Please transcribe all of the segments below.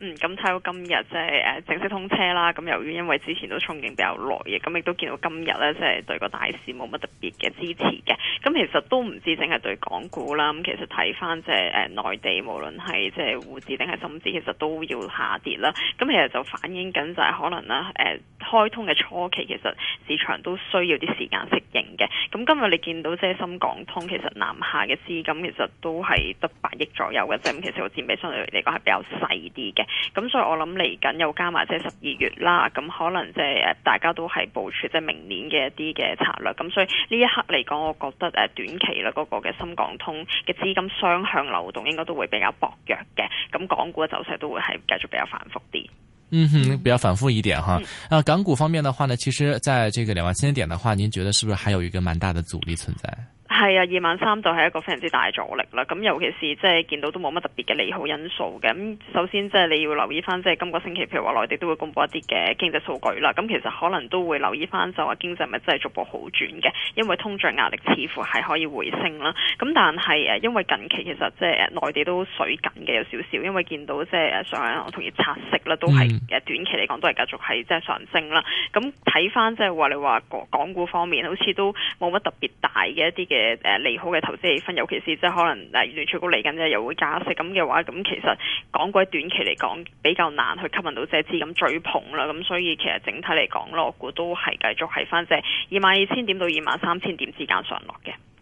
嗯，咁睇到今日即係誒正式通車啦。咁由於因為之前都憧憬比較耐嘅，咁亦都見到今日咧，即係對個大市冇乜特別嘅支持嘅。咁其實都唔知淨係對港股啦。咁其實睇翻即係誒內地，無論係即係滬指定係深指，其實都要下跌啦。咁其實就反映緊就係可能啦，誒開通嘅初期其實市場都需要啲時間適應嘅。咁今日你見到即係深港通，其實南下嘅資金其實都係得八億左右嘅，啫咁其實個佔比相對嚟講係比較細啲嘅。咁所以我諗嚟緊又加埋即係十二月啦，咁可能即係誒大家都係部署即係明年嘅一啲嘅策略。咁所以呢一刻嚟講，我覺得誒短期咧嗰、那個嘅深港通嘅資金雙向流動應該都會比較薄弱嘅。咁港股嘅走勢都會係繼續比較反覆啲。嗯哼，比較反覆一點哈、嗯。啊，港股方面嘅話呢，其實，在這個兩萬三千點的話，您覺得是不是還有一個蠻大的阻力存在？係啊，二萬三就係一個非常之大阻力啦。咁尤其是即係見到都冇乜特別嘅利好因素嘅。咁首先即係你要留意翻，即係今個星期譬如話內地都會公布一啲嘅經濟數據啦。咁其實可能都會留意翻，就話經濟咪真係逐步好轉嘅。因為通脹壓力似乎係可以回升啦。咁但係誒，因為近期其實即係誒內地都水緊嘅有少少，因為見到即係上岸我同業拆息啦，都係短期嚟講都係繼續係即係上升啦。咁睇翻即係話你話港股方面，好似都冇乜特別大嘅一啲嘅。誒誒，利好嘅投資氣氛，尤其是即係可能誒，聯儲局嚟緊咧，又會加息，咁嘅話，咁其實港股短期嚟講比較難去吸引到資金咁追捧啦，咁所以其實整體嚟講，我估都係繼續喺翻即二萬二千點到二萬三千點之間上落嘅。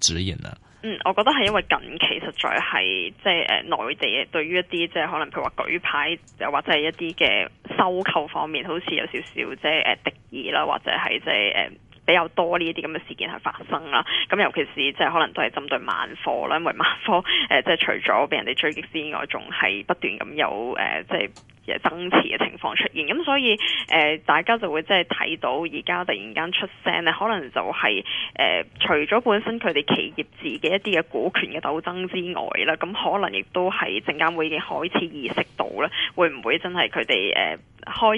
指引。嗯，我覺得係因為近期實在係即係誒內地對於一啲即係可能譬如話舉牌又或者係一啲嘅收購方面，好似有少少即係誒敵意啦，或者係即係誒比較多呢一啲咁嘅事件係發生啦。咁尤其是即係可能都係針對萬科啦，因為萬科誒即係除咗俾人哋追擊之外，仲係不斷咁有誒即係。呃呃呃呃呃嘅增持嘅情況出現，咁所以誒、呃，大家就會即係睇到而家突然間出聲咧，可能就係、是、誒、呃，除咗本身佢哋企業自己的一啲嘅股權嘅鬥爭之外啦，咁可能亦都係證監會已經開始意識到咧，會唔會真係佢哋誒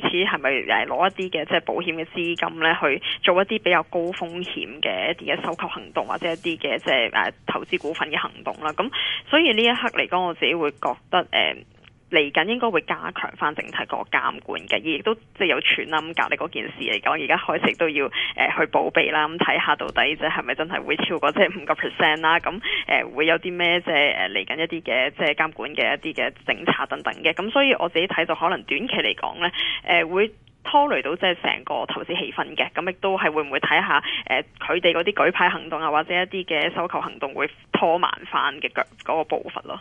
開始係咪誒攞一啲嘅即係保險嘅資金咧，去做一啲比較高風險嘅一啲嘅收購行動或者一啲嘅即係誒投資股份嘅行動啦？咁所以呢一刻嚟講，我自己會覺得誒。呃嚟緊應該會加強翻整體個監管嘅，而亦都即係有傳啦。咁隔離嗰件事嚟講，而家開始都要誒去報備啦。咁睇下到底即係咪真係會超過即係五個 percent 啦？咁誒會有啲咩即係誒嚟緊一啲嘅即係監管嘅一啲嘅政策等等嘅。咁所以我自己睇到可能短期嚟講咧，誒會拖累到即係成個投資氣氛嘅。咁亦都係會唔會睇下誒佢哋嗰啲舉牌行動啊，或者一啲嘅收購行動會拖慢翻嘅腳嗰個步伐咯？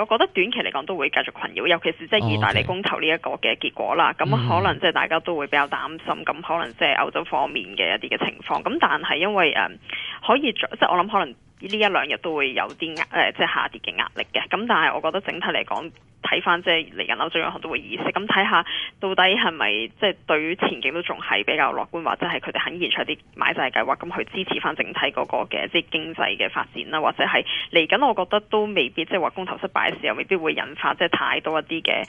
我覺得短期嚟講都會繼續困擾，尤其是即係意大利公投呢一個嘅結果啦。咁、oh, okay. 可能即係大家都會比較擔心，咁、mm. 可能即係歐洲方面嘅一啲嘅情況。咁但係因為誒、呃，可以即係我諗可能。呢一兩日都會有啲壓誒、呃，即係下跌嘅壓力嘅。咁但係，我覺得整體嚟講，睇翻即係嚟緊，歐洲央行都會意識。咁睇下到底係咪即係對於前景都仲係比較樂觀，或者係佢哋肯現場啲買債計劃，咁去支持翻整體嗰個嘅即係經濟嘅發展啦。或者係嚟緊，我覺得都未必即係話公投失敗嘅時候，未必會引發即係太多一啲嘅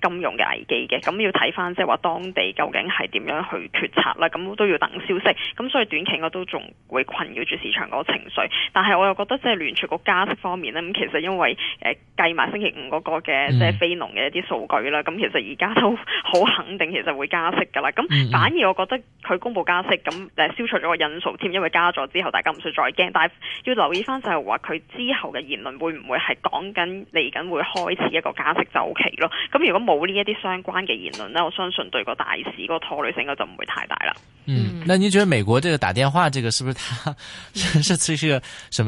誒金融嘅危機嘅。咁要睇翻即係話當地究竟係點樣去決策啦。咁都要等消息。咁所以短期我也都仲會困擾住市場嗰個情緒。但係，我又覺得即係聯儲局加息方面咧，咁其實因為誒計埋星期五嗰個嘅即係非農嘅一啲數據啦，咁、嗯、其實而家都好肯定其實會加息噶啦。咁反而我覺得佢公布加息咁誒、呃、消除咗個因素添，因為加咗之後大家唔需要再驚。但係要留意返就係話佢之後嘅言論會唔會係講緊嚟緊會開始一個加息周期咯？咁如果冇呢一啲相關嘅言論咧，我相信對個大市個拖累性應該就唔會太大啦。嗯，那你覺得美國這個打電話，這個是不是它？是、嗯、其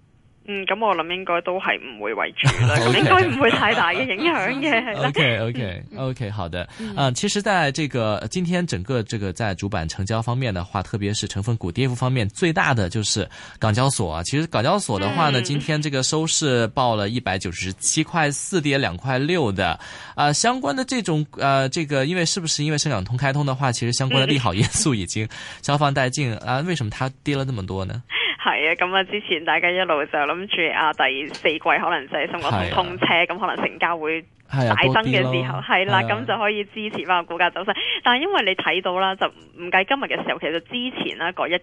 嗯，咁我諗應該都係唔會為主啦，應該唔會太大嘅影響嘅。 OK OK OK，嗯、好的、呃。嗯，其實，在這個今天整個這個在主板成交方面的話，特別是成分股跌幅方面，最大的就是港交所啊。其實港交所的話呢，嗯、今天這個收市報了一百九十七塊四，跌兩塊六的。啊、呃，相關的這種，呃，這個因為是不是因為深港通開通的話，其實相關的利好因素已經消化殆盡、嗯、啊？為什麼它跌了那麼多呢？係啊，咁啊之前大家一路就諗住啊第四季可能就係深港通通車，咁、啊、可能成交會大增嘅時候，係啦、啊，咁、啊啊啊啊啊啊、就可以支持翻個股價走勢。但係因為你睇到啦，就唔計今日嘅時候，其實之前啦一個一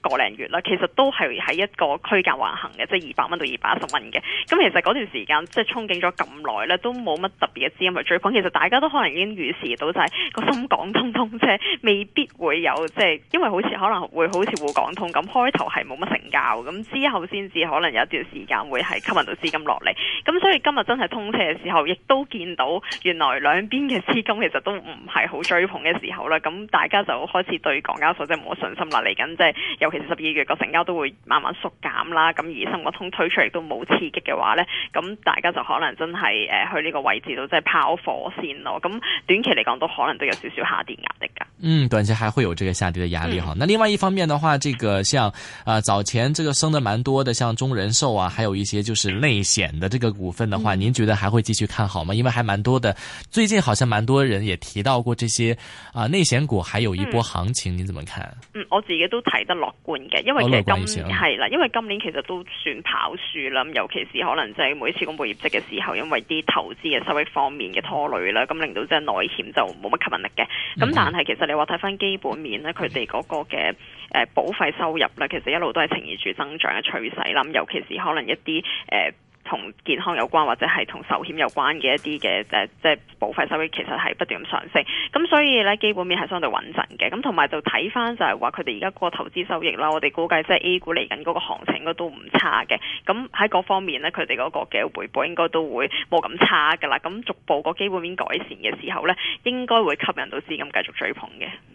個零月啦，其實都係喺一個區間橫行嘅，即係二百蚊到二百一十蚊嘅。咁其實嗰段時間即係憧憬咗咁耐咧，都冇乜特別嘅資金去追捧。其實大家都可能已經預示到就係個深港通通車未必會有即係，因為好似可能會好似滬港通咁開頭係冇乜。成交咁之後，先至可能有一段時間會係吸引到資金落嚟。咁所以今日真係通車嘅時候，亦都見到原來兩邊嘅資金其實都唔係好追捧嘅時候啦。咁大家就開始對港交所即係冇信心啦。嚟緊即係尤其是十二月個成交都會慢慢縮減啦。咁而深港通推出嚟都冇刺激嘅話呢，咁大家就可能真係誒去呢個位置度即係拋火線咯。咁短期嚟講都可能都有少少下跌壓力噶。嗯，短期還會有這個下跌的壓力哈、嗯。那另外一方面的話，這個像，啊、呃、早前這個升得蠻多的，像中人壽啊，還有一些就是內險的這個股份的話、嗯，您覺得還會繼續看好嗎？因為還蠻多的，最近好像蠻多人也提到過這些，啊、呃、內險股還有一波行情、嗯，你怎麼看？嗯，我自己都睇得樂觀嘅，因為其實今年係啦、哦哦，因為今年其實都算跑輸啦，尤其是可能就係每一次公布業績嘅時候，因為啲投資嘅收益方面嘅拖累啦，咁令到真係內險就冇乜吸引力嘅。咁但係其實你。話睇翻基本面咧，佢哋嗰個嘅誒、呃、保費收入咧，其實一路都係呈現住增長嘅趨勢。諗，尤其是可能一啲誒。呃同健康有關或者係同壽險有關嘅一啲嘅，即係即係保費收益其實係不斷咁上升，咁所以咧基本面係相對穩陣嘅，咁同埋就睇返就係話佢哋而家個投資收益啦，我哋估計即係 A 股嚟緊嗰個行情應該都唔差嘅，咁喺各方面咧佢哋嗰個嘅回報應該都會冇咁差噶啦，咁逐步個基本面改善嘅時候咧，應該會吸引到資金繼續追捧嘅。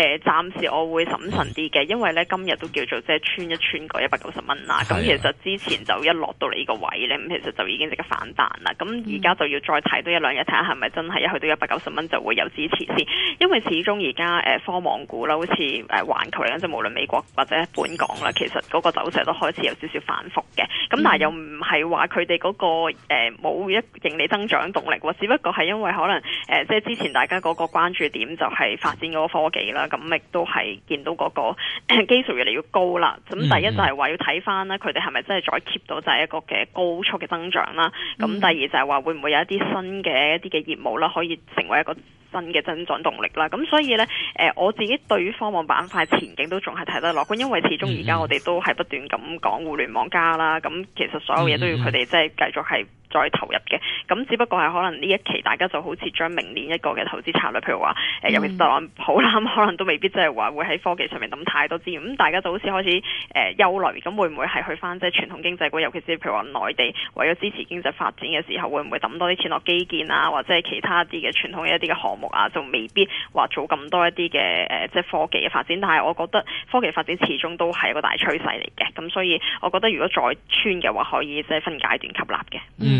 誒，暫時我會審慎啲嘅，因為咧今日都叫做即係穿一穿嗰一百九十蚊啦。咁其實之前就一落到你呢個位咧，咁其實就已經即係反彈啦。咁而家就要再睇多一兩日，睇下係咪真係一去到一百九十蚊就會有支持先。因為始終而家誒科網股啦，好似誒、呃、環球嚟講，即係無論美國或者本港啦，其實嗰個走勢都開始有少少反覆嘅。咁但係又唔係話佢哋嗰個冇、呃、一盈利增長動力喎，只不過係因為可能誒即係之前大家嗰個關注點就係發展嗰個科技啦。咁亦都係見到嗰、那個基數越嚟越高啦。咁第一就係話要睇翻啦，佢哋係咪真係再 keep 到就係一個嘅高速嘅增長啦？咁第二就係話會唔會有一啲新嘅一啲嘅業務啦，可以成為一個新嘅增長動力啦？咁所以咧，誒我自己對於科網板塊前景都仲係睇得落，因為始終而家我哋都係不斷咁講互聯網加啦。咁其實所有嘢都要佢哋即係繼續係。再投入嘅，咁只不過係可能呢一期大家就好似將明年一個嘅投資策略，譬如話誒、呃嗯，尤其是特朗普啦，可能都未必即係話會喺科技上面揼太多資源。咁大家就好似開始誒、呃、憂慮，咁會唔會係去返即係傳統經濟股？尤其是譬如話內地為咗支持經濟發展嘅時候，會唔會揼多啲錢落基建啊，或者係其他一啲嘅傳統一啲嘅項目啊？就未必話做咁多一啲嘅即係科技嘅發展。但係我覺得科技發展始終都係一個大趨勢嚟嘅，咁所以我覺得如果再穿嘅話，可以即係分階段吸納嘅。嗯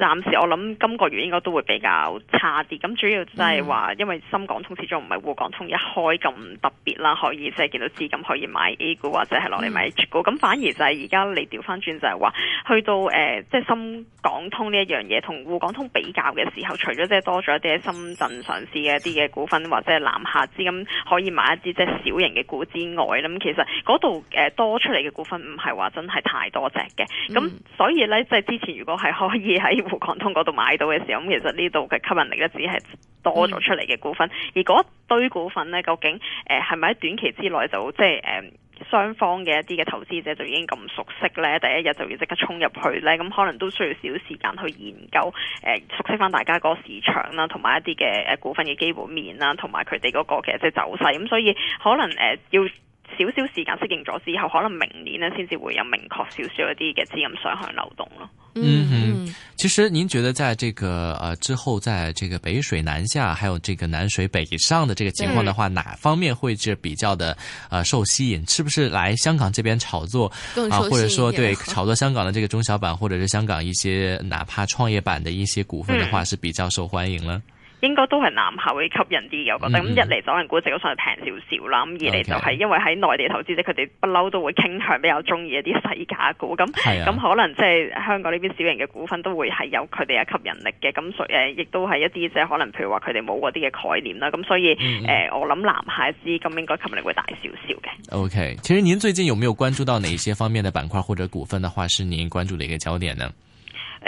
暫時我諗今個月應該都會比較差啲，咁主要就係話，因為深港通始終唔係滬港通一開咁特別啦，可以即係見到資金可以買 A 股或者係落嚟買 H 股，咁反而就係而家你調翻轉就係話，去到即係、呃就係、深港通呢一樣嘢，同滬港通比較嘅時候，除咗即係多咗一啲喺深圳上市嘅一啲嘅股份或者係南下資金可以買一啲即係小型嘅股之外，咁其實嗰度多出嚟嘅股份唔係話真係太多隻嘅，咁、嗯、所以咧即係之前如果係可以喺港通嗰度買到嘅時候，咁其實呢度嘅吸引力咧只係多咗出嚟嘅股份，而嗰堆股份咧，究竟誒係咪喺短期之內就即係誒、呃、雙方嘅一啲嘅投資者就已經咁熟悉咧？第一日就要即刻衝入去咧，咁、嗯、可能都需要少時間去研究誒、呃、熟悉翻大家嗰個市場啦，同埋一啲嘅誒股份嘅基本面啦，同埋佢哋嗰個嘅即係走勢，咁、嗯、所以可能誒、呃、要。少少時間適應咗之後，可能明年呢先至會有明確少少一啲嘅資金上向流動咯、嗯。嗯，其實您覺得在這個呃之後，在這個北水南下，還有這個南水北上的這個情況的話，哪方面會是比較的呃受吸引？是不是來香港這邊炒作啊，或者說對炒作香港的這個中小板， 或者是香港一些哪怕創業板的一些股份的話，嗯、是比較受歡迎呢？應該都係南下會吸引啲嘅，我覺得咁、嗯嗯嗯嗯、一嚟走人估值都相對平少少啦，咁二嚟就係因為喺內地投資者佢哋不嬲都會傾向比較中意一啲細價股，咁咁、哎、可能即係香港呢邊小型嘅股份都會係有佢哋嘅吸引力嘅，咁所誒亦都係一啲即係可能譬如話佢哋冇嗰啲嘅概念啦，咁所以誒、嗯嗯呃、我諗南下資金應該吸引力會大少少嘅。OK，其實您最近有冇有關注到哪一些方面的板塊或者股份的話，是您關注嘅一個焦點呢？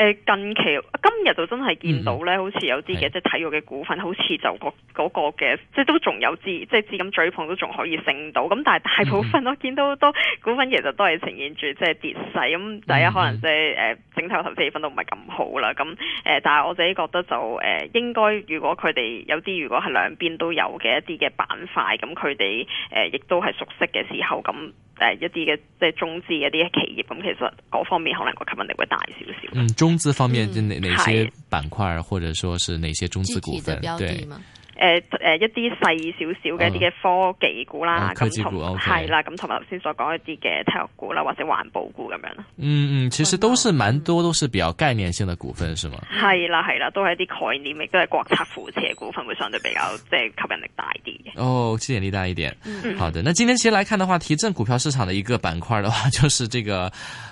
誒近期今日就真係見到咧、嗯，好似有啲嘅即係體育嘅股份，是好似就嗰個嘅，即係都仲有資，即係資金追捧都仲可以升到。咁但係大部分我見到都、嗯、股份其實都係呈現住即係跌勢。咁大家可能即係誒整體投資氣氛都唔係咁好啦。咁誒，但係我自己覺得就誒應該，如果佢哋有啲如果係兩邊都有嘅一啲嘅板塊，咁佢哋誒亦都係熟悉嘅時候，咁誒、呃、一啲嘅即係中資嘅一啲企業，咁其實嗰方面可能個吸引力會大少少。嗯。中資方面，就、嗯、哪哪些板塊，或者說是哪些中資股份嗎？對，誒、呃、誒、呃，一啲細少少嘅啲嘅科技股啦，哦、科技股、哦、OK，係啦，咁同埋頭先所講一啲嘅體育股啦，或者環保股咁樣咯。嗯嗯，其實都是蠻多，都是比較概念性的股份，是嗎？係啦係啦，都係一啲概念，亦都係國策扶持嘅股份，會相對比較即係吸引力大啲。嘅。哦，吸引力大一點，哦謝謝大一點嗯。好的，那今天其實來看的話，提振股票市場的一個板塊的話，就是這個。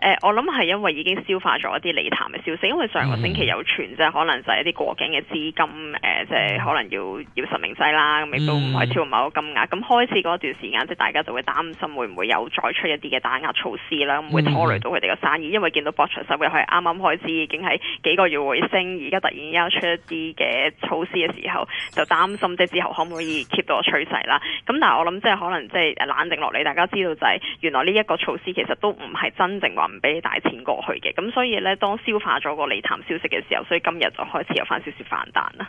誒、呃，我諗係因為已經消化咗一啲利淡嘅消息，因為上個星期有傳啫、嗯，可能就係一啲過境嘅資金，誒、呃，即、就、係、是、可能要要實名制啦，咁亦都唔係超過某個金額。咁、嗯、開始嗰段時間，即係大家就會擔心會唔會有再出一啲嘅打壓措施啦，會拖累到佢哋個生意。因為見到博彩收入係啱啱開始，已經係幾個月回升，而家突然間出一啲嘅措施嘅時候，就擔心即係之後可唔可以 keep 到個趨勢啦。咁但係我諗即係可能即係冷靜落嚟，大家知道就係原來呢一個措施其實都唔係真正話，唔俾你帶錢過去嘅，咁所以咧，當消化咗個利淡消息嘅時候，所以今日就開始有翻少少反彈啦。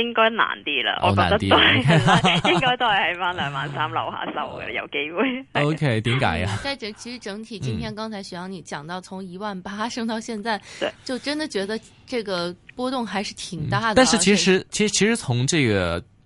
應該難啲啦，oh, 我覺得都是在，okay. 應該都係喺翻兩萬三樓下收嘅，有機會。O K，點解啊？即係其實整體，今天剛才徐陽你講到，從一萬八升到現在對，就真的覺得這個波動還是挺大的，啊嗯。但是其實，其實其實從這個。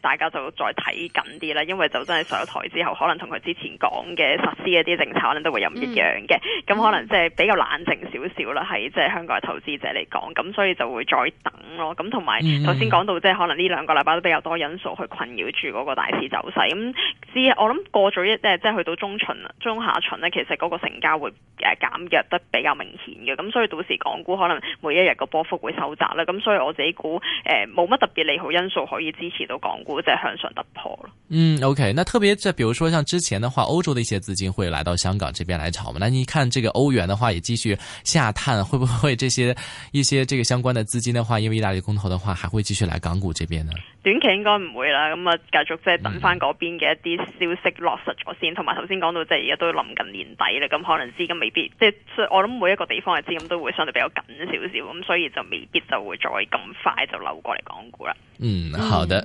大家就再睇緊啲啦，因為就真係上台之後，可能同佢之前講嘅實施一啲政策，可能都會有唔一樣嘅。咁、嗯、可能即係比較冷靜少少啦，係即係香港嘅投資者嚟講。咁所以就會再等咯。咁同埋頭先講到，即係可能呢兩個禮拜都比較多因素去困擾住嗰個大市走勢。咁之我諗過咗一，即係即係去到中旬、中下旬呢，其實嗰個成交會減弱得比較明顯嘅。咁所以到時港股可能每一日個波幅會收窄啦。咁所以我自己估，誒冇乜特別利好因素可以支持到。港股即係、就是、向上突破啦。嗯，OK，那特別是，比如說像之前的話，歐洲的一些資金會來到香港這邊來炒嘛？那你看這個歐元的話也繼續下探，會不會這些一些這個相關的資金的話，因為意大利公投的話，還會繼續來港股這邊呢？短期應該唔會啦，咁啊，繼續即係等翻嗰邊嘅一啲消息落實咗先。同埋頭先講到即係而家都臨近年底啦，咁可能資金未必，即、就、係、是、我諗每一個地方嘅資金都會相對比較緊少少，咁所以就未必就會再咁快就流過嚟港股啦。嗯，好的，